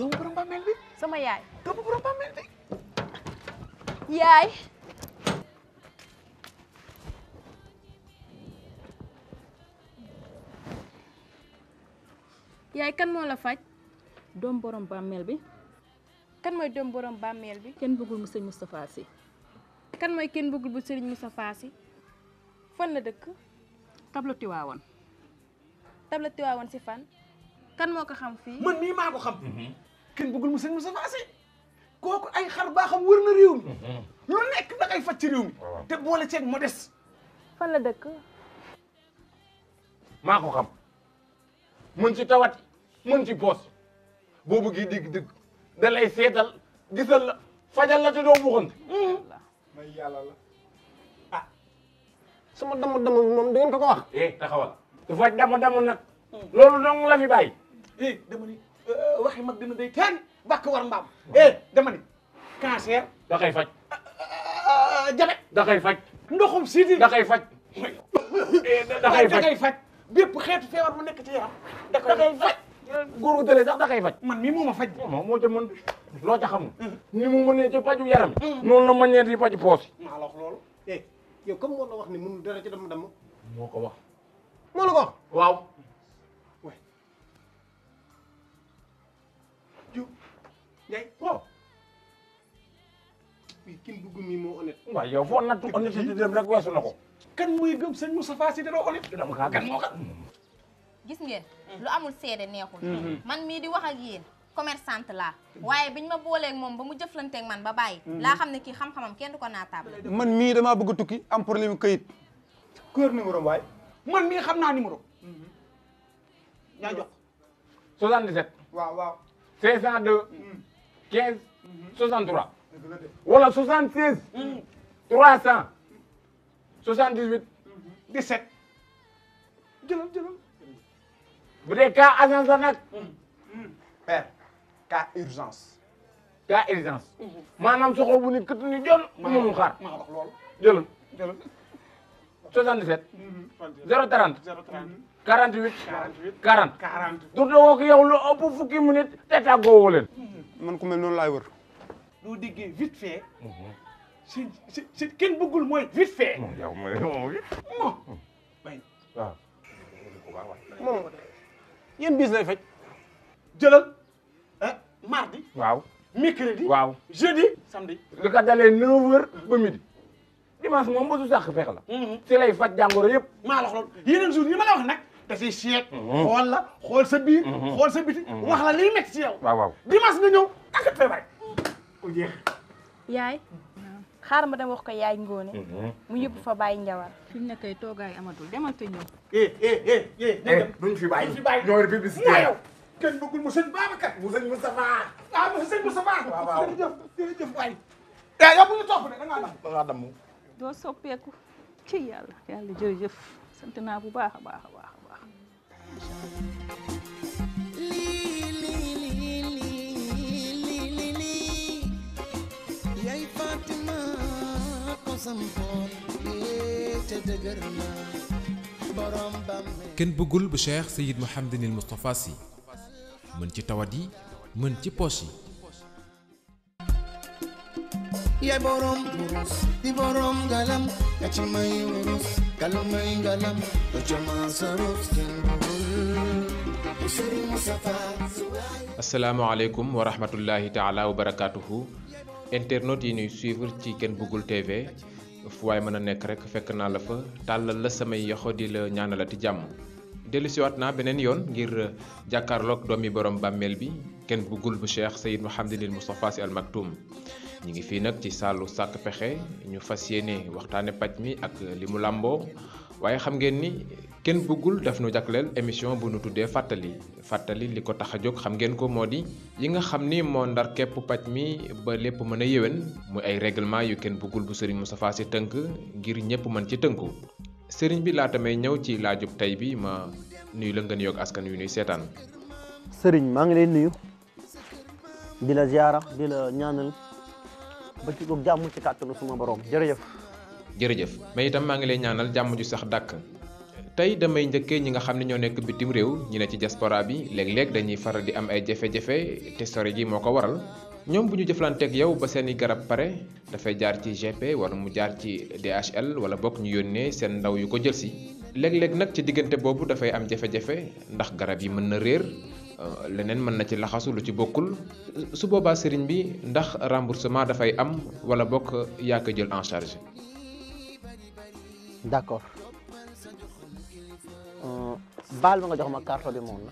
doomu sama yaay. doomu borom bàmmeel yaay. kan moo la faj. doom borom bàmmeel bi. kan mooy doom borom bàmmeel bi. kenn bëggul mu sëñ Moustapha Sy. kan mooy kenn bëggul bu sëriñ Moustapha Sy. fan la dëkk. tableau Tivaouane. tableau Tivaouane si fan. kan moo ko xam fii. man mii maa ko xam. Mhm. kenn mu sëñ Moustapha kooku ay xar baaxam wër na réew mi mhm. lu nekk da ngay faj ci réew mi te boole ceeg modeste fan la dëkk maa ko xam mën ci tawat mën ci poos boo bëggee dégg-dégg da lay seetal gisal la fajal la te doo buxante may yàlla la ah sama dama dama moom da ngeen ko ko wax eh taxawal dafa dama dama nag loolu dong la fi bàyyi eh, Euh, waxi mag dina day teen bàkk war mbaam eh dama ni cancer faj ah, ah, ah, jabet da koy faj ndoxum siiti da koy faj eh, da koy faj da koy faj bépp xeetu feebar bu nekk ci yaram da koy faj góor gu tëlee sax da koy faj man mii moom ma faj moom moo ca mën loo ca xamul mm-hmm. ni mu mënee ci paju yaram mm-hmm. noonu la mënee di paju poos maa la wax loolu eh yow comme moo la wax ni mënul dara ci dama dama moo ko wax moo la ko wax waaw Ndiaye waaw. fii kin bugg mi moo honnête. waaw yow foo nattu honnêteté dem rek weesu na ko. kan mooy gëm sëñ Moustapha Sy dara honnête. dama kaa moo kan. gis ngeen. lu amul seede neexul. Mm-hmm. Mm-hmm. man mii di wax ak yéen. commerçante laa waaye biñ ma booleek moom ba mu jëflanteeg man ba bàyyi. Mm-hmm. laa xam ne kii xam-xamam kenn du ko naataab. man mii damaa bëgg a tukki am problème kayit. kër numéro waaye. man mii xam naa numéro. ñaa jox. 77. waaw waaw. 502. 15 63 wala 76 300 78 17 jëlal jëlal bu dee cas agence la nag père cas urgence cas urgence maanaam soxla bu nit kët ni jël bu mënul xaar maa wax loolu jëlal jëlal 77 030 mhm. 48. 48 40. 40 dundoo ko yow lu ëpp fukki minute te tàggoowoo leen. man ku mel noonu laay wër. loo déggee vite fait. Mhm. si si si mooy vite fait. Mhm, yow mooy moom waaw. moom yéen bis lay faj. jëlal waaw mercredi. waaw jeudi samedi. li ko dalee 9h ba midi. dimanche moom ba su sàq feex la. Mhm. si lay faj jàngoro yëpp. maa la xool yeneen jours yi ma la wax da siy seet. Mhm. xool la xool sa biir. Mhm. xool sa biti mhm. wax la liy métti si yow. waaw waaw nga ñëw tàggat feebar. yaay. xaaral ma dama wax ka yaay Ngone. mu yóbbu fa bàyyi njawar. fi mu ne kay toogaay amatul demal te ñëw. eh, eh, eh, eh fi bàyyi duñ fi bàyyi ñoom publicité la. kenn bëggul mu sëñ Babacar. Ah, mu sëñ de da ngaa dam doo soppeeku ci yàlla. yàlla jërëjëf sant naa bu baax a baax a baax. كن بقول بشيخ سيد محمد المصطفى سي من تي توادي من تي بوشي يا بروم بروس دي بروم غلام يا تشماي وروس غلام غلام يا تشما سروس كن بقول asalaamaaleykum wa rahmatullahi taala wa barakaatuhu internautes yi ñuy suivre ci Ken Bougoul TV fu waay mën a nekk rek fekk naa la fa tàllal la samay yoxo di la ñaanalati jàmm dellusiwaat naa beneen yoon ngir euh, jàkkaarlook doomi boroom bàmmeel bi kenn Bougoul bu Cheikh Seyyid Mouhamadinil Moustapha Sy Al Maktoum ñu ngi fii nag ci saalu sàkk pexe ñu fas yéene waxtaane paj mi ak li mu làmboo waye xam ngeen ni kenn bëggul daf nu jaklel émission bu nu tuddé fatali fatali liko ko tax xam ngeen ko modi yi nga xam ni mo ndar kep pat mi ba lepp mën yewen muy ay règlement yu kenn bëggul bu serigne Moustapha ci tënk ngir ñepp man ci tënku serigne bi la tamay ñew ci tay bi ma nuyu la ngeen yok askan yu nuy seetaan. serigne ma ngi lay nuyu di la ziara di la ñaanal ba ci jamm ci kàttanu suma borom jërëjëf. jërëjëf mais itam maa ngi lay ñaanal jàmm ju sax dàkk tey damay njëkkee ñi nga xam ne ñoo nekk bitim réew ñi ne ci diaspora bi léeg-léeg dañuy faral di am ay jafe-jafe te sore gi moo ko waral ñoom bu ñu jëflanteeg yow ba seeni garab pare dafay jaar ci GP wala mu jaar ci DHL wala bokk ñu yónnee seen ndaw yu ko jël si léeg-léeg nag ci diggante boobu dafay am jafe-jafe ndax garab yi mën na réer euh, leneen mën na ci laxasu lu ci bokkul su boobaa sëriñ bi ndax remboursement dafay am wala bokk yaa jël en d' accord euh, baal ma nga jox ma carte du monde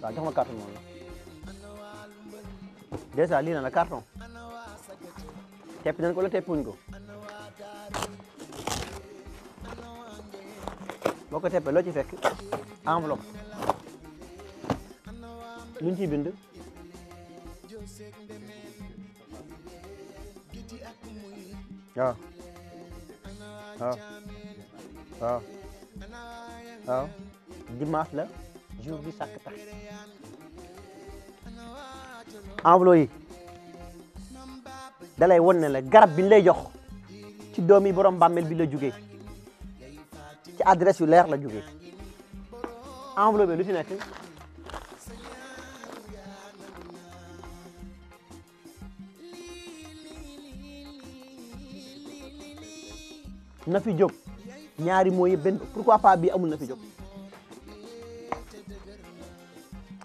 la waaw jox ma carte du monde la dèjà lii na la carton tepp nañ ko wala teppuñ ko boo ko teppee loo ci fekk enveloppe luñ ciy bind waaw ah. ah. ah. la jour bi sàkk tax enveloppe yi da won ne la garab bi ñu lay jox ci doomi borom bàmmeel bi la jugee ci adresse yu leer la jugee enveloppe lu ci nekk na fi jóg ñaari moo yëpp benn pourquoi pas bii amul na fi jóg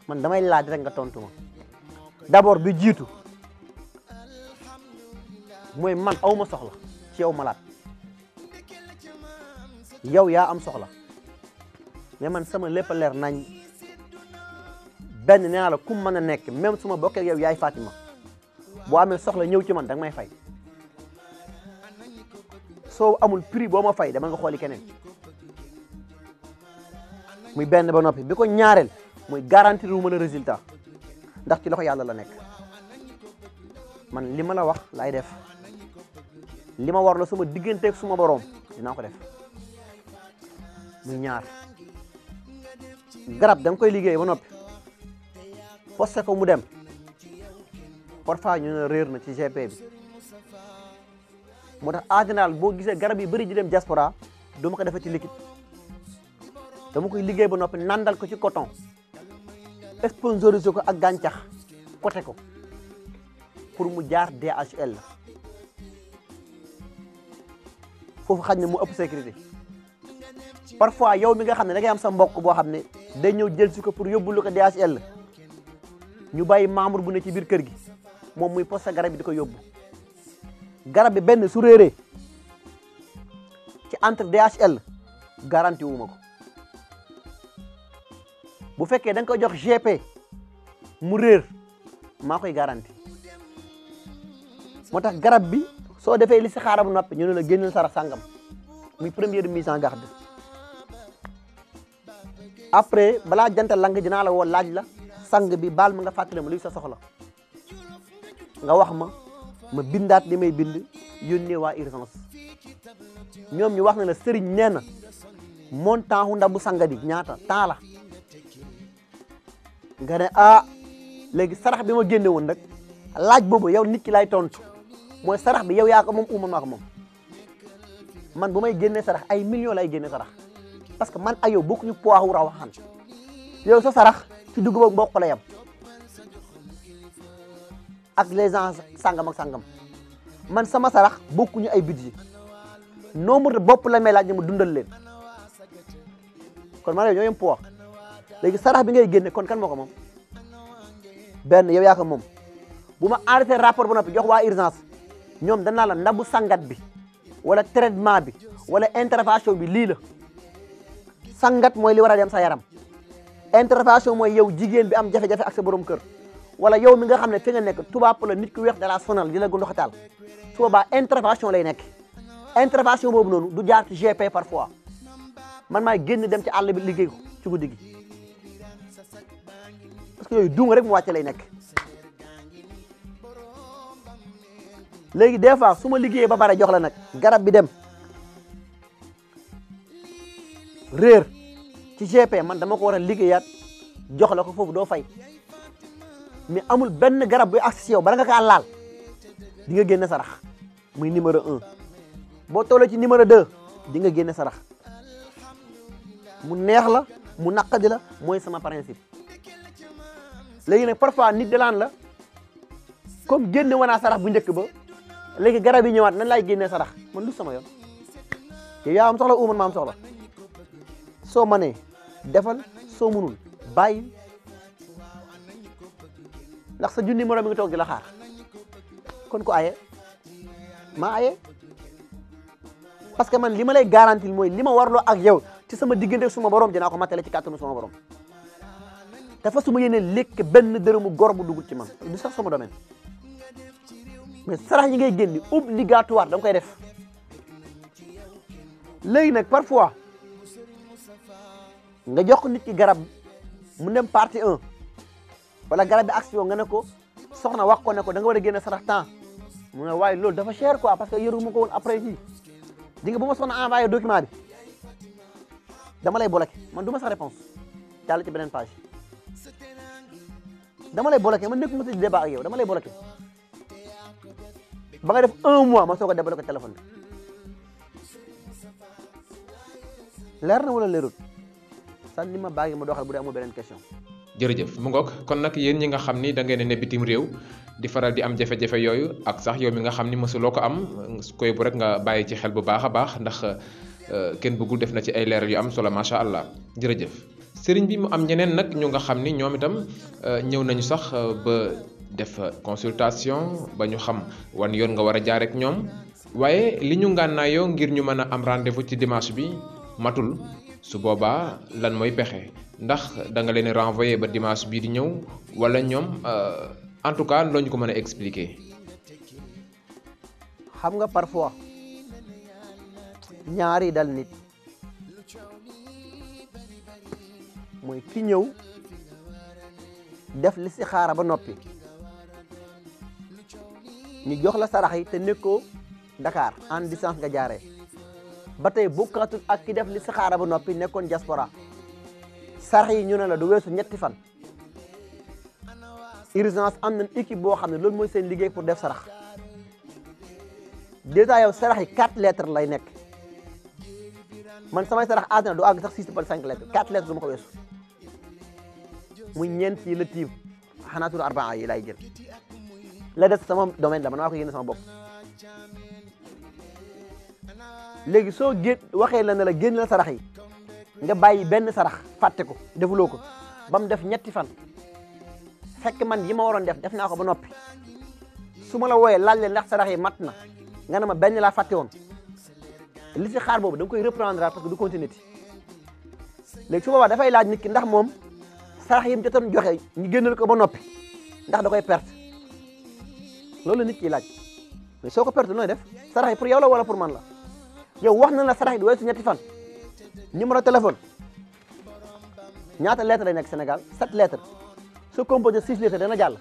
man damay laaj rek nga tontu ma d'abord bi jiitu mooy man awma ma soxla ci yow malaat yow yaa am soxla mais man sama lépp leer nañ benn nee naa la ku mën a nekk même suma ma bokkee yow yaay Fatima boo amee soxla ñëw ci man danga may fay soo amul prix boo ma fay dama nga xooli keneen muy benn ba noppi bi ko ñaareel muy garantir wu ma la résultat ndax ci loxo yàlla la nekk man li ma la wax laay def li ma war la suma digganteeg suma boroom dinaa ko def muy ñaar garab da koy liggéey ba noppi posté ko mu dem parfois ñu ne réer na ci GP moo tax en général boo gisee garab yi bëri di dem diaspora du ma ko defee ci liquide dama koy liggéey ba noppi nandal ko ci coton sponsorisé ko ak gàncax côté ko pour mu jaar DHL la foofu xaj na mu ëpp sécurité parfois yow mi nga xam ne da ngay am sa mbokk boo xam ne day ñëw jël si ko pour yóbbulu ko DHL ñu bàyyi membre bu ne ci biir kër gi moom muy poste garab bi di ko yóbbu garab bi benn su réeree ci entre DHL garanti wumako ko bu fekke dang ko jox GP mu réer makoy garantie garanti garab bi so defé li si xaram nopi ñu la gennal sara sangam muy première mise en garde après bala jant lang dina la wo laaj la sang bi bal ma nga fàttali mu li sa soxla nga wax ma. ma bindaat li may bind yónnee waa urgence ñoom ñu wax ne la sëriñ nee na montant wu ndabu sanga bi ñaata temps la nga ne ah léegi sarax bi ma génne woon rek laaj boobu yow nit ki lay tontu mooy sarax bi yow yaa ko moom uma maa ko moom man bu may génne sarax ay millions lay génne sarax parce que man ak yow bokkuñu poids wu rawaxaan yow sa sarax ci dugub ak mboq la yam ak les gens sangam ak sangam man sama sarax bokkuñu ay budget nombre bopp la may laaj ne mu dundal leen kon maa ngi ñoo yem poids léegi sarax bi ngay génne kon kan moo ko moom benn yow yaa ko moom bu ma arrêté rapport ba noppi jox waa urgence ñoom danaa la ndabu sangat bi wala traitement bi wala intervention bi lii la sangat mooy li war a dem sa yaram intervention mooy yow jigéen bi am jafe-jafe ak sa borom kër. wala yow mi nga xam ne fi nekk tubaab la nit ku weex dala sonal di la gu ndoxitaal su boobaa intervention lay nekk intervention boobu noonu du jaar ci GP parfois man maay génn dem ci àll bi liggéey ko ci guddi gi parce que rek mu wàcce lay nekk léegi des fois su ma ba pare jox la nag garab bi dem réer ci GP man dama ko war a liggéeyaat jox la ko foofu doo fay mais amul benn garab buy agsi si yow bala nga kaa laal di nga génne sarax muy numéro un boo tollee ci numéro de di nga génne sarax mu neex la mu naqadi la mooy sama principe léegi nag parfois nit dalaan la comme génne wanaa sarax bu njëkk ba léegi garab yi ñëwaat nan laay génnee sarax man lu sama yoon yow yaa am soxla uman ma am soxla soo manee defal soo munul bàyyi ndax sa junni moroom mi ngi toog di la xaar kon ku aye que man li ma lay garantil mooy li ma warloo ak yow ci sama diggante suma borom dinaa ko matale ci kàttanu suma borom dafa suma yéene lekk benn dërëmu gor bu dugul ci man sax sama domaine yi ngay génni obligatoire da nga koy def léegi nag parfois nga jox nit ki garab mu dem partie un wala garabi action nga ne ko soxna wax ko ne ko da nga wara a génne sarax temps mu ne way loolu dafa cher quoi parce que yëru ma ko woon après ji di nga buma soxna envoyer document bi dama lay bolaké man duma sax réponse dal ci benen page dama lay bolaké man nekkuma ci débat ak yow dama lay bolaké ba nga def 1 mois ma soko a téléphone bi leer na wala sa ni ma baagi ma doxal bu dee amul question jërëjëf mu ngoog kon nag yéen ñi nga xam ni da ngeen ne bitim réew di faral di am jafe-jafe yooyu ak sax yow mi nga xam ni am koy bu rek nga bàyyi ci xel bu baax a baax ndax euh, kenn bëggul def na ci ay leeral yu am solo macha allah jërëjëf. sëriñ bi mu am ñeneen nag ñu nga xam ni ñoom itam euh, ñëw nañu sax euh, ba def consultation ba ñu xam wan yoon nga war a jaar ak ñoom waaye li ñu ngànnaayoo ngir ñu mën am rendez-vous ci dimanche bi matul su boobaa lan mooy pexe ndax da nga leen renvoyer ba dimanche bi di ñëw wala ñoom euh, en tout cas loñ ko mëna expliquer xam nga parfois ñaari dal nit moy ki ñëw def li ba noppi ñu jox la sarax yi te neko Dakar en distance nga jaaree batay akid ak ki def li ba noppi nekkon diaspora sarax yi ñu ne la du weesu ñetti fan urgence am na équipe boo xam ne loolu mooy seen liggéey pour def sarax dèjà yow sarax yi quatre lettres lay nekk man samay sarax aatena du àgg sax six wala cinq lettres quatre lettres du ma ko weesu muy ñeent yi la tiim xanaa tur arbaa yi lay jël la des sama domaine la man maa ko yéene sama bopp léegi soo génn waxee la na la génn la sarax yi nga bàyyi benn sarax fàtte ko defuloo ko ba mu def ñetti fan fekk man yi ma waroon def def naa ko ba noppi su ma la wooyee laaj leen ndax sarax yi mat na nga na ma benn laa fàtte woon li si xaar boobu da nga koy reprendre parce que du continuer ti léegi su boobaa dafay laaj nit ki ndax moom sarax yi mu jotoon joxe ñu génnal ko ba noppi ndax da koy perte loolu nit ki laaj mais soo ko perte nooy def sarax yi pour yow la wala pour man la yow wax na la sarax yi du weesu ñetti fan. numéro téléphone ñaata lettres lay nekk Sénégal sept lettres soo composé six lettres dana jàll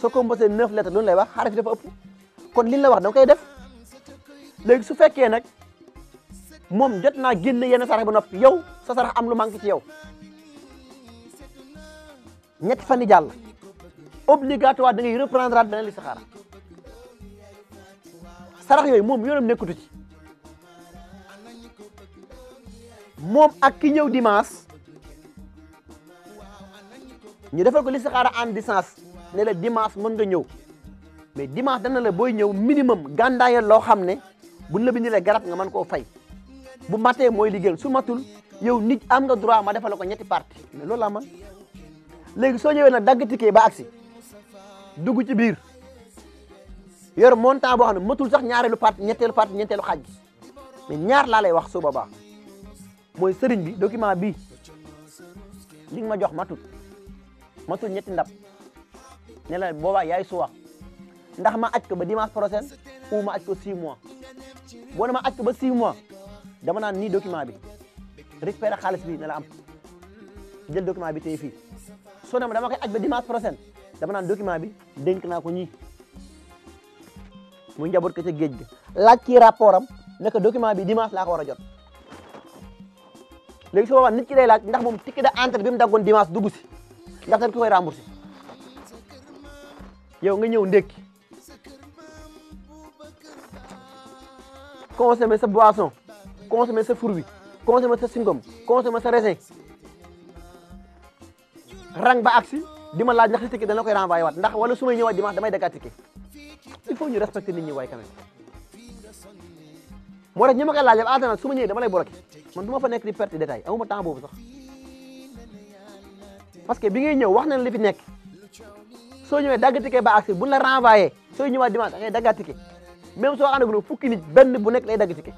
soo composé neuf lettres loolu lay wax xaraf yi dafa ëpp kon li la wax da nga koy def léegi su fekkee nag moom jot naa génn yenn sarax ba noppi yow sa sarax am lu manqué ci yow ñetti fan yi jàll obligatoire da ngay reprendre at li saxaara sarax yooyu moom yoonam nekkutu ci moom ak ki ñëw dimanche ñu defal ko listixaara en distance ne la dimanche mën nga ñëw mais dimanche dana la booy ñëw minimum gàndaayal loo xam ne buñ la bindilee garab nga mën koo fay bu matee mooy liggéeyal su matul yow nit am nga droit ma defal ko ñetti parti mais loolu laa man léegi soo ñëwee nag dagg ba agsi dugg ci biir yor montant boo xam ne matul sax ñaareelu parti ñetteelu parti ñetteelu xaaj mais ñaar laa lay wax su boobaa mooy sëriñ bi document bi li ma jox matut matul ñetti ndab ne la boobaa yaay suwa ndax ma aj ko ba dimanche prochain ou ma aj ko 6 boo ne ma aj ko ba 6 mois dama naan ni document bi récupérer xaalis bi ne am jël document bi tey fii soo ne ma dama koy aj ba dimanche prochain dama naan document bi dénk naa ko ñii mu njaboot ko ca géej ga laaj kii rapport am ne document bi dimanche laa ko war a jot. léegi soba nit ki lay laaj ndax mom ticket d'entrée bi mu dagon dimanche dugg si ndax dañ ko koy remboursé yow nga ñew ndek consommer sa boisson consommer sa fruit consommer sa singom consommer sa raisin rang ba aksi dima laaj ndax sa ticket dana koy renvoyer wat ndax wala su ñewat dimanche damay daggaat ticket il faut ñu respecter nit ñi way quand même moo tax ñi laaj yëpp en général dama lay bloqué man du ma fa nekk di perte détail amuma temps boobu sax parce que bi ngay ñëw wax nañ li fi nekk soo ñëwee dagg ticket ba agsi bu la renvoyé sooy ñëwaat dimanche da ngay daggaat ticket même soo ànd ak fukki nit benn bu nekk lay dagg ticket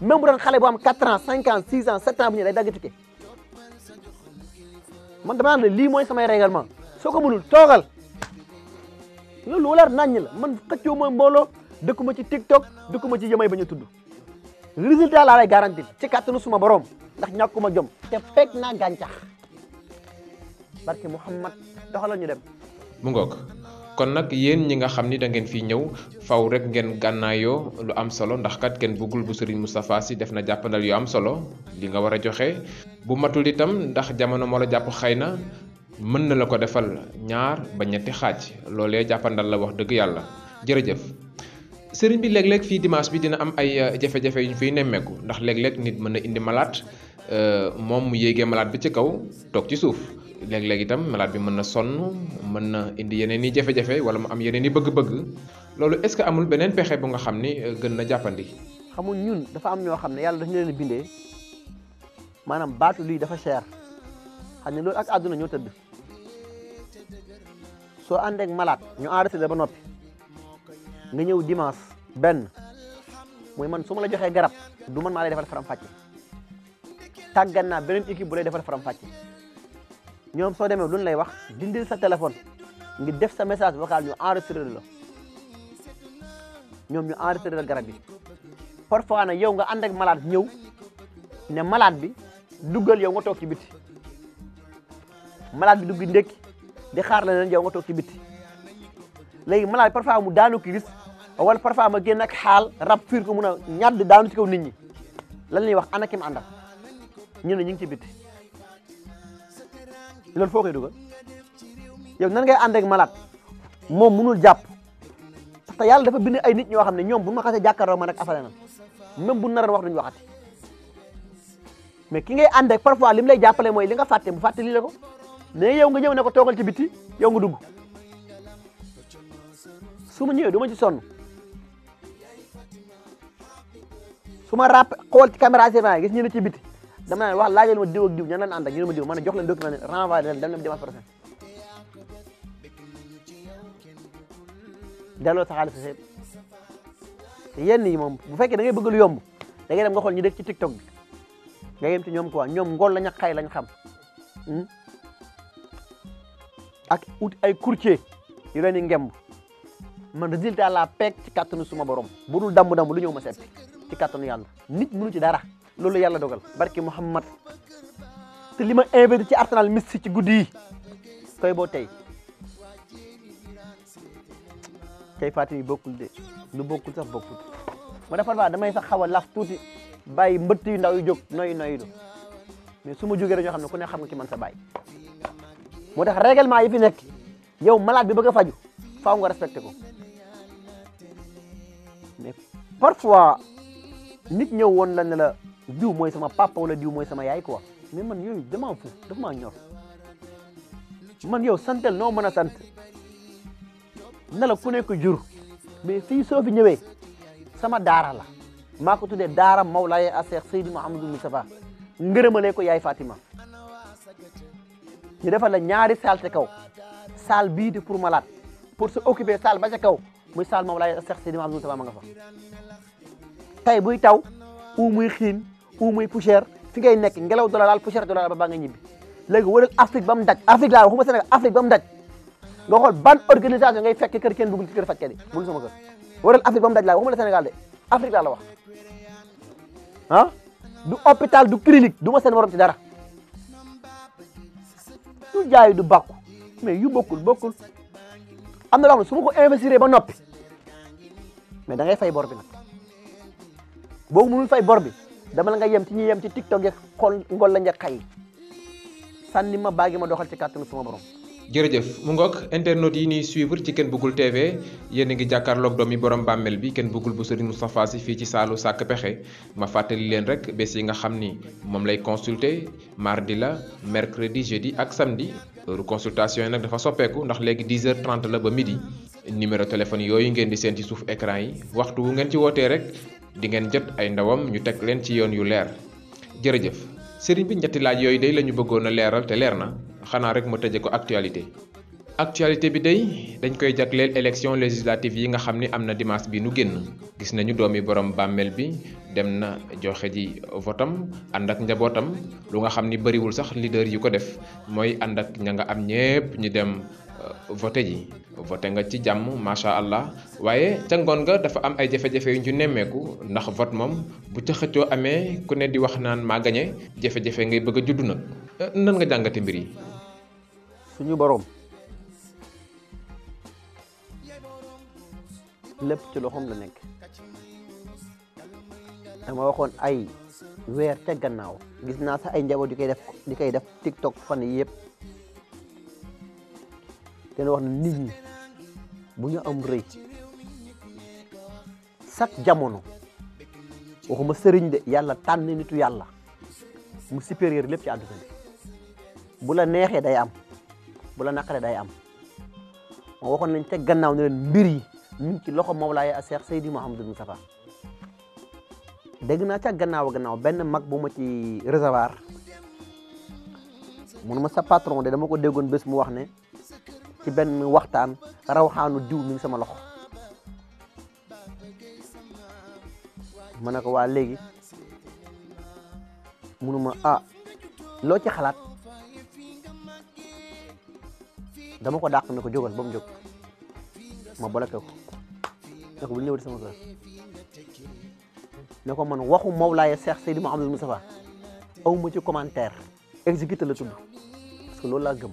même bu doon xale bu am 4 ans 5 ans 6 ans bu ñëwee lay dagg ticket man dama lii mooy samay règlement soo ko mënul toogal loolu walaar naññ la man xëccoo mooy mbooloo dëkkuma ci TikTok dëkkuma ci yamay ba ñu tudd résultat la lay garanti ci katunu suma borom ndax ñakuma jom te fek na gantax barke muhammad doxalal ñu dem mu ngok kon nak yeen ñi nga xamni da ngeen fi ñew faw rek ngeen gannaayo lu am solo ndax kat ken Bugul bu serigne mustapha si def na jàppandal yu am solo li nga wara joxe bu matul itam ndax jamono mo la japp xëy mën na la ko defal ñaar ba ñetti xaaj lolé jappandal la wax deug yalla jërëjëf sëriñ bi léeg-léeg fii dimanche bi dina am ay euh, jafe-jafe yu ñu fiy nemmeeku ndax léeg-léeg nit mën na indi malaat euh, moom mu yéegee malaat bi ci kaw toog ci suuf léeg-léeg itam malaat bi mën na sonn mën na indi yeneen i jafe-jafe wala mu am yeneen i bëgg-bëgg loolu est-ce que amul beneen pexe bu nga xam ni euh, gën na jàppandi. xamul ñun dafa am ñoo xam ne yàlla dafa ñu leen bindee maanaam baatu lii dafa cher xam ne loolu ak àdduna ñoo tëdd soo àndeek malaat ñu arrêté la ba noppi. nga ñëw dimanche benn mooy man su ma la joxee garab du man maa lay defal faram-fàcce tàggat naa beneen équipe bu lay defal faram-fàcce ñoom soo demee lu ñu lay wax dindil sa téléphone ngi def sa message vocal ñu enregistré la ñoom ñu enregistré la garab bi parfois nag yow nga ànd ak malade ñëw ne malade bi duggal yow nga toog ci biti bi dugg ndékki di xaar la leen yow nga toog ci léegi malay parfum mu daanu kiris wala parfum ma génn ak xal rab fir ko muna ñad ñadd daanu ci kaw nit ñi lan lay wax anakim kim ñu ne ñi ngi ci bitti loolu foo koy dugal yow nan ngay ànd ak malat mom munul japp parce que yàlla dafa bind ay nit ñoo xamne ñom bu ma xasse jakkaro ma nak afalena même bu naroon wax duñ waxati mais ki ngay ànd ak parfois lim lay jappale moy li nga fàtte bu fàtte li la ko mais yow nga ñew ne ko togal ci biti yow nga dugg su ma ñëwee du ma ci sonn su ma rap xool ci caméra surveillance gis ñu ne ci biti dama naan wax laajal ma diw ak diw ñan leen ànd ak ñu ne ma diw ma ne jox leen document ne renvoyé leen dem leen dimanche prochain delloo sa xaalis seet te yenn yi moom bu fekkee da ngay yomb da nga xool ñu dëkk ci tiktok bi nga yem ñoom quoi ñoom ngool la ñaqay lañ xam hmm? ak ut ay courtier ngemb man résultat laa pek ci kattanu suma borom bu dul damb damb lu ñëw ma seet ci kattanu yàlla nit mu mënu ci dara loolu yàlla dogal barki Muhammad te li ma invité ci arsenal mystique ci guddi yi boo tey tey Fatim yi bokkul de nu bokkul sax bokkul ma defar ba damay sax xaw a laf tuuti bàyyi mbëtt yu ndaw yu jóg noy noyyi du mais su ma jógee rek ñoo xam ne ku ne xam nga ci man sa bàyyi moo tax yi fi nekk yow malaat bi bëgg a faju faaw nga respecté ko parfois nit ñëw woon la ne la diw mooy sama papa wala diw mooy sama yaay quoi mais man yooyu damaa am foofu dafa maa ñor man yow santel noo mën a sant ne la ku nekk jur mais fii soo fi ñëwee sama daara la maa ko tuddee daara Mawlaaye a Seex Seydi Mouhamadou Moustapha ngërëmalee ko yaay Fatima ñu defal la ñaari salle te kaw salle bii di pour malade pour se occuper salle ba ca kaw muy Saal Mawlaay Seex Seydi Mahmoud ma nga fa tey buy taw ou muy xiin ou fi ngay nekk ngelaw du la laal poussière du ba baa nga ñibbi léegi wala Afrique ba mu daj Afrique laa waxuma Sénégal Afrique ba mu daj nga xool ban organisation ngay fekk kër kenn bëggul ci kër fajkat yi mënu sama kër waral Afrique ba mu daj laa waxuma la Sénégal de Afrique laa la ah? du hôpital du clinique du ma seen morom ci dara du jaay du bàkku mais yu bokkul bokkul am na loo xam su ba noppi mais da ngay fay bor bi nag boobu mënul fay bor bi dama la nga yem ti ñi yem ci tiktok yeeg xool ngol la njëkk xay sànni ma baagi ma doxal ci kàttanu sama borom jërëjëf mu ngoog internet yi ñuy suivre ci Ken bugul TV yéen a ngi jàkkaarloog doomi borom bàmmeel bi Ken bugul bu Serigne Moustapha Sy fii ci saalu sàkk pexe ma fàttali leen rek bés yi nga xam ni moom lay consulter mardi la mercredi jeudi ak samedi heure consultation yi nag dafa soppeeku ndax léegi 10h30 la ba midi numéro téléphone yooyu ngeen di seen ci suuf écran yi waxtu wu ngeen ci wootee rek di ngeen jot ay ndawam ñu teg leen ci yoon yu leer jërëjëf Serigne bi ñetti laaj yooyu day lañu bëggoon a leeral te leer Khanarik rek ma tëjee ko actualité actualité bi day dañ koy jagleel élection législative yi nga xam ni am na dimanche bi nu génn gis nañu doomi borom bi dem na joxe ji votam ànd ak njabootam lu nga xam ni bëriwul sax leader yu ko def moy ànd ak nga am ñépp ñu dem euh, voté ji voté nga ci allah waye ca ngoon nga dafa am ay jafe-jafe yu ñu nemmeeku ndax vote moom bu ca xëccoo amee ku ne di wax naan maa gañe jafe ngay bëgg judd euh, nan nga suñu boroom lépp ci loxoom la nekk dama waxoon ay weer ca gannaaw gis naa sax ay njaboot di koy def di koy def tiktok fan yi yëpp ten wax na nit ñi bu ñu am rëy chaque jamono waxuma sëriñ de yàlla tànn nitu yàlla mu supérieur lépp ci àdduna bi bu la neexee day am bu la naqaree day am moo waxoon nañ teg gannaaw ne leen mbir yi ñu ngi ci loxo Mawlaay a Seex Seydi Mouhamadou Moustapha dégg naa ca gannaaw gannaaw benn mag bu ma ci réservoir mun ma sa patron de dama ko déggoon bés mu wax ne ci benn waxtaan rawxaanu diw mi sama loxo ma ne ko waa léegi munuma ah loo ci xalaat dama ko dàq na ko jógal ba mu jóg ma bloqué ko na ko bu ñëw di sama kër ne ko man waxu Mawlaaya Cheikh Seydi Mouhamadou Moustapha aw ma ci commentaire exécuté la tudd parce que loolu laa gëm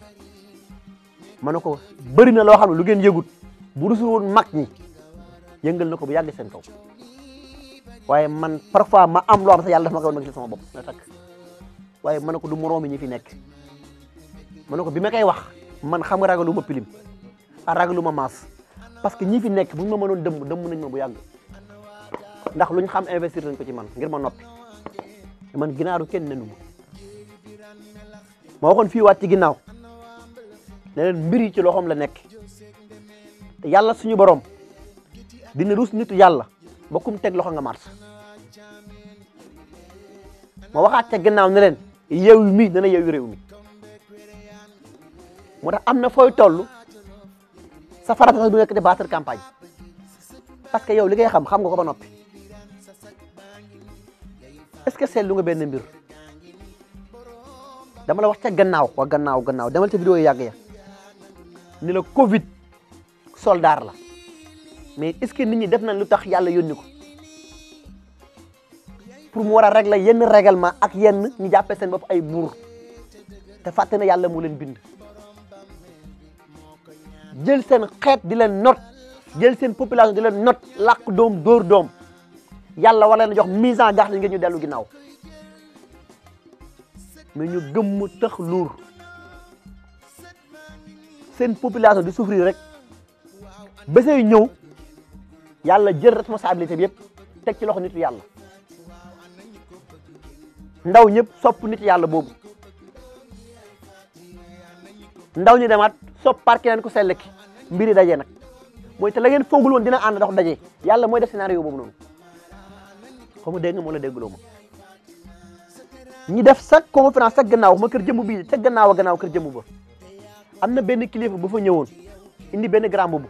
ma ne ko bëri na loo xam ne lu ngeen yëgut bu rusul woon mag ñi yëngal na ko bu yàgg seen kaw waaye man parfois ma am loo yàlla dafa ma koy woon bopp na takk waaye ma ne ko du moroomi ñi fi nekk ma ne ko bi ma koy wax. man xam nga ragaluma pilim ragaluma mas, parce que ñi fi nekk buñ ma mënon dem dem nañ ma bu yàgg ndax luñ xam investir nañ ko ci man ngir ma noppi man ginaaru kenn nenuma ma waxon fi wat ci ginaaw ne mbiri ci loxom la nekk te yalla suñu borom dina rus nitu yalla ba kum loxo nga mars ma waxat ca ginaaw ne len yew mi dana yew rew mi moo tax am na fooy toll safara farata sax du nekk di campagne parce que yow li ngay xam xam nga ko ba noppi est-ce que seetlu nga benn mbir dama la wax ca gannaaw wa gannaaw gannaaw demal ca vidéo yi yàgg ya ni la Covid soldaar la mais est-ce que nit ñi def nañ lu tax yàlla yónni ko pour mu war a régler yenn règlement ak yenn ñu jàppee seen bopp ay buur te fàtte na yàlla mu leen bind. jël seen xeet di leen not jël seen population di leen not làq doom dóor doom yàlla war leen jox mise en garde ngeen ñu dellu ginnaaw mais ñu gëmm tax luur seen population di souffrir rek bésey ñëw yàlla jël responsabilité bi yëpp teg ci loxo nitu yàlla ndaw ñëpp sopp nitu yàlla boobu ndaw ñu demaat sob parke leen ku sell ki mbiri dajee nag mooy te la ngeen foogul woon dina ànd dox dajee yàlla mooy def scénario boobu noonu xaw ma dégg nga moo la déggloo ma ñi def sa conférence sa gannaaw ma kër jëmb bii sa gannaaw a gannaaw kër jëmb ba am na benn kilifa bu fa ñëwoon indi benn grand boobu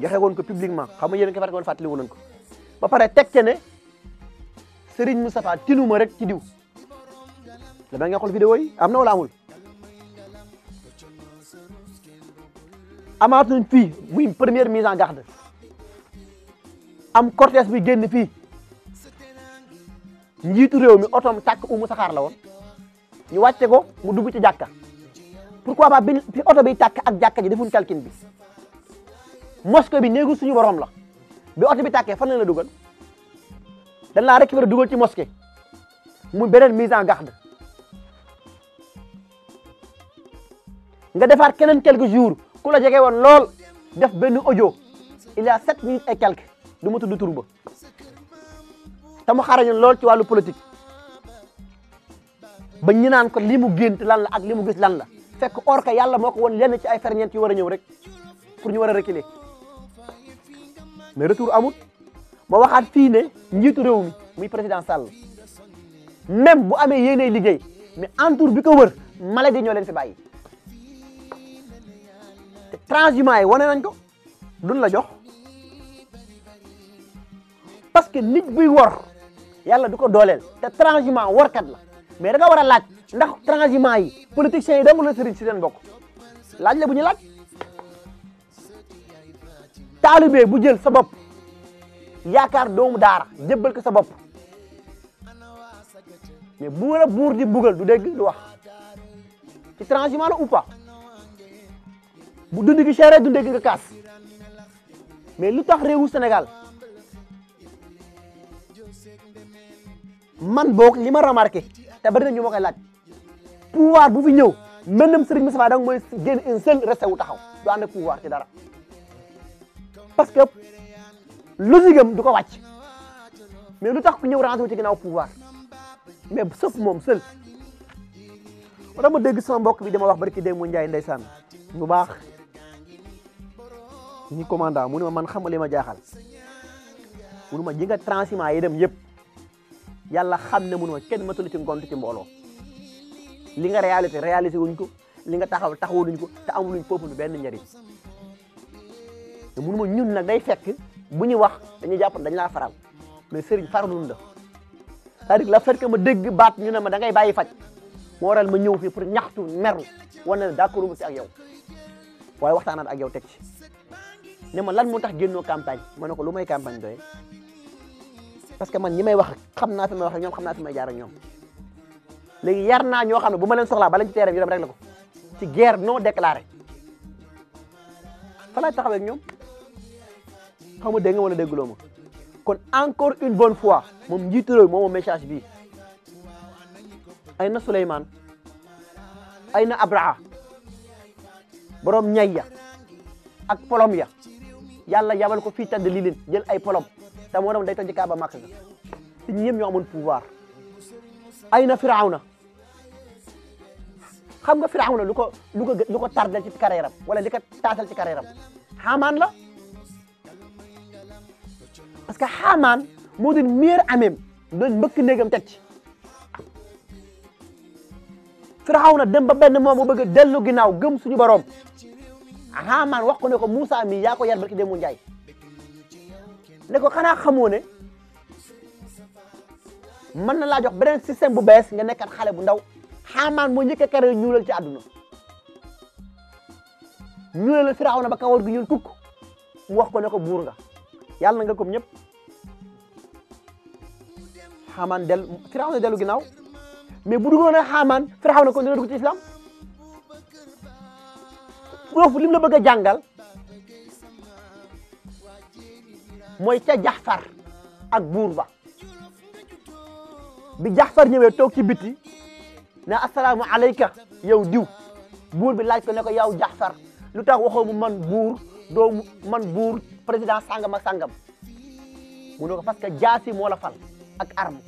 joxe woon ko publiquement xam nga yéen ko fàtte woon fàttali woon ko ba pare teg ca ne Serigne Moustapha tinuma rek ci diw la ba nga xool vidéo yi amaat nañ fii muy première mise en garde am cortège bi génn fii njiitu réew mi otoom tàkk umu saxaar la woon ñu wàcce ko mu dugg ci jàkka pourquoi pas bi oto bi tàkk ak jàkka ji defuñ calcul bi moske bi néegu suñu borom la bi oto bi tàkkee fan lañ la dugal dañ laa récupérer dugal ci moske mu beneen mise en garde nga defaat keneen quelques jours ku la jege woon lool def benn audio il set a sept minutes et du ma tudd tur ba te mu xarañoon lool ci wàllu politique ba ñu naan ko li mu gént lan la ak li mu gis lan la fekk or ka yàlla moo ko woon lenn ci ay ferñeent yu war a ñëw rek pour ñu war a kile mais retour amut ma waxaat fii ne njiitu réew mu muy président Sall même bu amee yéenay liggéey mais entour bi ko wër maladie ñoo leen si bàyyi. transhumants yi wane nañ ko duñ la jox parce que nit buy wor yàlla du ko dooleel te transhumant workat la mais da nga war a laaj ndax transhumants yi politiciens yi dong la sëriñ si seen bokk laaj la bu ñu laaj taalibe bu jël sa bopp doomu daara jébbal ko sa bopp mais bu la buur di bugal du dégg du wax ci transhumant la ou bu dund gi chéré dundee gi nga kaas mais lu tax réewu Sénégal man boog li ma remarqué te bari na ñu ma koy laaj pouvoir bu fi ñëw mennam Serigne Moustapha Dang mooy génn un seul resté taxaw du ànd ak pouvoir dara parce que logique am du ko lu tax ku ñëw rangé wu ci ginnaaw pouvoir mais sauf moom seul wala ma dégg sama mbokk bi dama wax barki démb Ndiaye ndeysaan bu baax ni commandant mu ne ma man xam nga li ma jaaxal mu ne ma ji nga transiment yi dem yëpp yàlla xam ne mu ne ma kenn matul ci ngont ci mbooloo li nga réalité réalisé wuñ ko li nga taxaw taxawu duñ ko te amuluñ foofu lu benn njariñ te mu ne ma ñun nag day fekk bu ñu wax dañuy jàpp dañ laa faral mais sëriñ faralun la c'est-à-dire la fait que ma dégg baat ñu ne ma da ngay bàyyi faj moo waral ma ñëw fi pour ñaxtu meru wane ne d'accord si ak yow waaye waxtaanaat ak yow teg ci ne ma lan moo tax génnoo campagne ma ne ko lu may campagne doy parce que man ñi may wax xam naa fi may wax ak ñoom xam naa fi may jaar ak ñoom léegi yar naa ñoo xam ne bu ma leen soxlaa ba lañ ci teeram ñu dem rek la ko ci guerre non déclarée fa laay taxawee ak ñoom xaw ma dégg nga wala déggloo ma kon encore une bonne fois moom njiitu réew moom message bii ay na Souleymane ay na Abraha ak polom ya yàlla yabal ko fii tànn lii leen jël ay polom te moo doon day tojji kaaba màkk te ñoom ñoo amoon pouvoir ay na firawna xam nga firawna lu ko lu ko ko tardel ci carrière am wala li ci carrière la parce que xaamaan moo doon meilleur ameem doon mbëkk néegam teg firawna dem ba benn mu bëgg a dellu ginnaaw gëm suñu borom Haamaan wax ko ne ko Moussa mi yaa ko yar barki Demba Ndiaye ne ko xanaa xamoo ne mën na laa jox beneen système bu bees nga nekkat xale bu ndaw Haamaan moo njëkk a kere ñuulal ci àdduna ñuulal Firawna ba kawar gi ñuul kukk mu wax ko ne ko buur nga yàlla na nga comme ñëpp Haamaan del Firawna dellu ginnaaw mais bu duggoon a Haamaan Firawna kon dina dugg ci islam prof lim la bëgg a jàngal mooy ca jaxfar ak buur ba bi jaxfar ñëwé tok ci biti na assalamu alayka yow diw bour bi laj ko ne ko yow jaxfar lu tax mu man buur do man bour président sangam ak sangam mu ne ko parce que jaasi mo la fal ak arme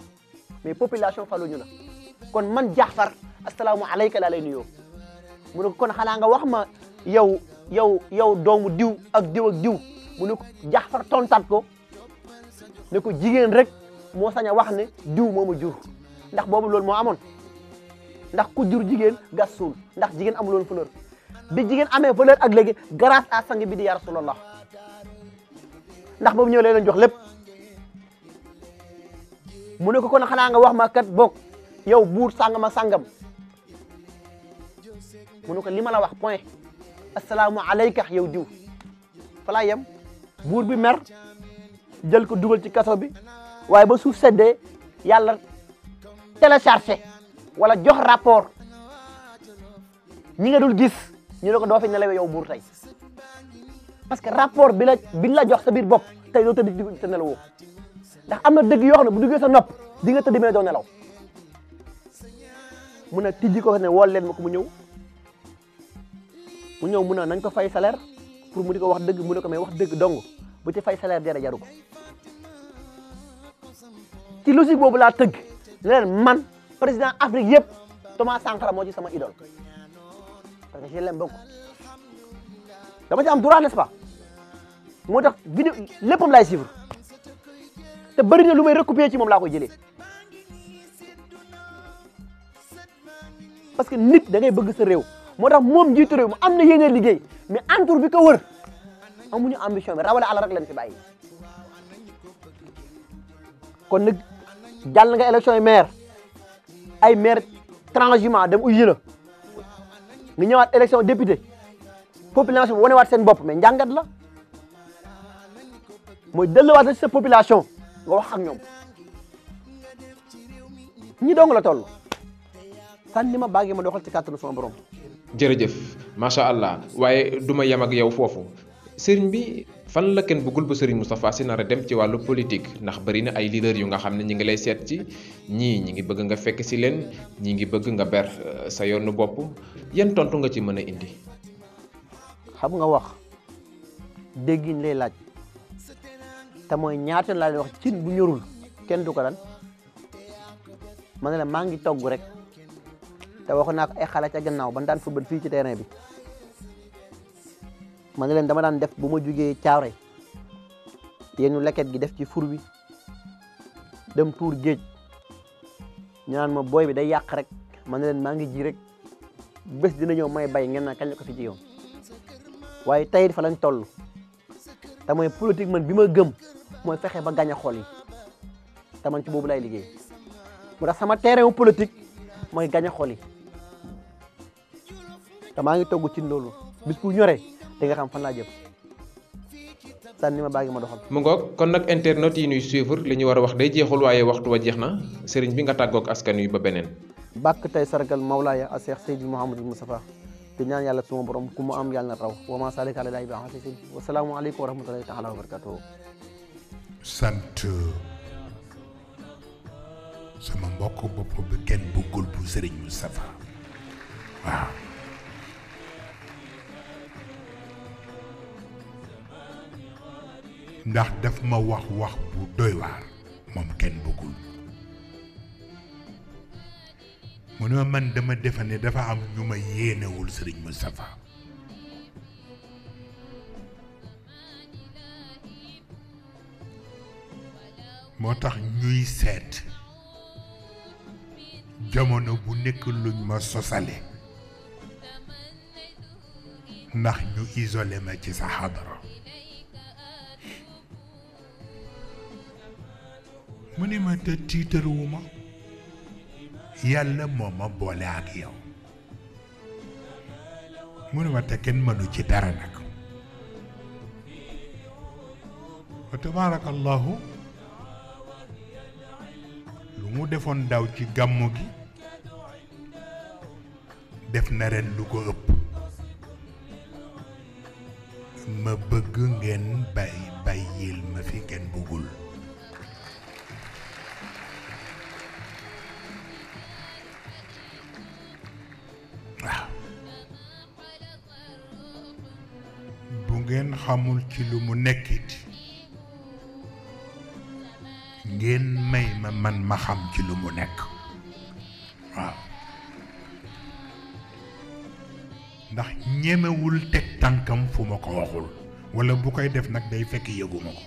mais population ñu la kon man jaxfar assalamu alayka la lay nuyo mu ne ko kon xala nga wax ma yow yow yow doomu diw ak diw ak diw mu ne ko jaafar tontat ko ne ko jigéen rek moo sañ a wax ne diw moo ma jur ndax boobu loolu moo amoon ndax ku jur jigéen gasul ndax jigéen amul woon fleur bi jigéen amee fleur ak léegi grâce à sang bi di ya rasulallah ndax boobu ñëw leen leen jox lépp mu ne ko kon xanaa nga wax ma kat boog yow buur sangam mu ne ko li la wax point asalaamu alayka yow diw falaa yem buur bi mer jël ko dugal ci kaso bi waaye ba suuf seddee yàlla téléchargé wala jox rapport ñi nga dul gis ñu ne ko doo fi nelawee yow buur tey parce que rapport bi la bi la jox sa biir bopp tey doo tëdd te nelawoo ndax am na dëgg yoo xam ne bu duggee sa nopp di nga tëdd mel ne doo nelaw mun a tijji ko ne wool ma ko mu ñëw mu ñëw mu ne nañ ko fay salaire pour mu di ko wax dëgg mu ne ko mais wax dëgg dong bu ci fay salaire dara jaru ko ci logique bobu la tëgg leen man président afrique yépp Thomas Sankara moo ci sama idole parce que je l'aime beaucoup dama ci am droit n'est-ce pas moo tax vidéo léppam laay suivre te bari na lu may recoupé ci moom laa koy jëlee parce que nit da ngay bëgg sa réew moo tax moom njiitu réew mu am na yéene liggéey mais entour bi ko wër amuñu ambition bi rawale àll rek lañ fi bàyyi. kon nag jàll nga élection yi maire ay maire transhumant dem uyu la nga ñëwaat élection député population bi wanewaat seen bopp mais njàngat la mooy delluwaat na ci sa population nga wax ak ñoom ñi dong san toll sànni ma baagi ma doxal ci kàttanu sama borom. jërëjëf masha allah waaye duma yam ak yow foofu sëriñ bi fan la kenn bëggul bu sëriñ Moustapha Sy nar a dem ci wàllu politique ndax bari na ay leader yu nga xam ne ñi ngi lay seet ci ñii ñi ngi bëgg nga fekk si leen ñi ngi bëgg nga ber euh, sa yoonu bopp yan tontu nga ci mën a indi. xam nga wax déggin lay laaj te mooy ñaata laa lay wax cin bu ñorul kenn du ko dan ma ne la togg rek té waxoon ko ay xala ca gannaaw ban daan football fi ci terrain bi man leen dama daan def buma juggé jugee caare yéen leket gi def ci four bi dem tour geej ñaan ma boy bi day yak rek man leen ma ngi ji rek bés dina ñew may bay ngeen na kañ ko fi ci yow waye tayit fa lañ tollu te moy politique man bima gëm moy fexé ba gañ xol yi te man ci bobu lay liggéey mu sama terrain politique moy gañ xol yi dama maa ngi togg ci lolu bis bu ñoré da nga xam fan la jëm sànni ma baagi ma doxal. mu ngok kon nak internet yi ñuy suivre li ñu wara wax day jéxul waye waxtu wa jéxna sëriñ bi nga tàggoog askan yu ba benen bak tay sargal Mawlaaya a cheikh Seydil Mouhamadul Moustapha di ñaan yalla suma borom ku mu am yalla na raw wa ma salika ala laahi hasib wa salaamu alaykum wa rahmatullahi taala wa barakatuh sante sama mbokk bopp bi kenn gol bu sëriñ Moustapha waaw. Ah. ndax daf ma wax wax bu doy waar moom kenn bëggul mu ne man dama defe ne dafa am ñu ma yéenewul sëriñ Moustapha moo tax ñuy seet jamono bu nekk luñ ma sosale ndax ñu isolé ci sa xadara mu ni ma te tiitar ma yàlla moo ma boole ak yow mu ni ma te kenn mënu ci dara nag lu mu defoon daw ci gàmmu gi def na ren lu ko ëpp ma bëgg ngeen bàyyil ma fi kenn bëggul xamul ci lu mu nekkit ngeen may ma man ma xam ci lu mu nekk waaw ndax ñemewul teg tànkam fu ma ko waxul walla bu koy def nag day fekk yëguma ko